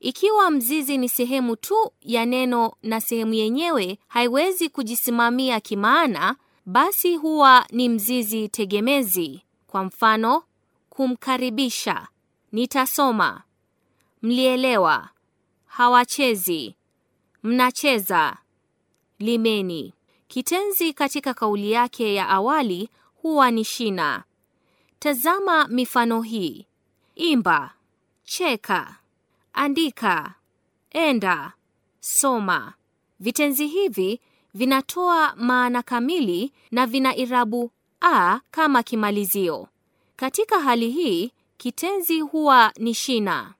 Ikiwa mzizi ni sehemu tu ya neno na sehemu yenyewe haiwezi kujisimamia kimaana, basi huwa ni mzizi tegemezi. Kwa mfano, kumkaribisha, nitasoma, mlielewa, hawachezi, mnacheza, limeni. Kitenzi katika kauli yake ya awali huwa ni shina. Tazama mifano hii: imba, cheka andika, enda, soma. Vitenzi hivi vinatoa maana kamili na vina irabu a kama kimalizio. Katika hali hii kitenzi huwa ni shina.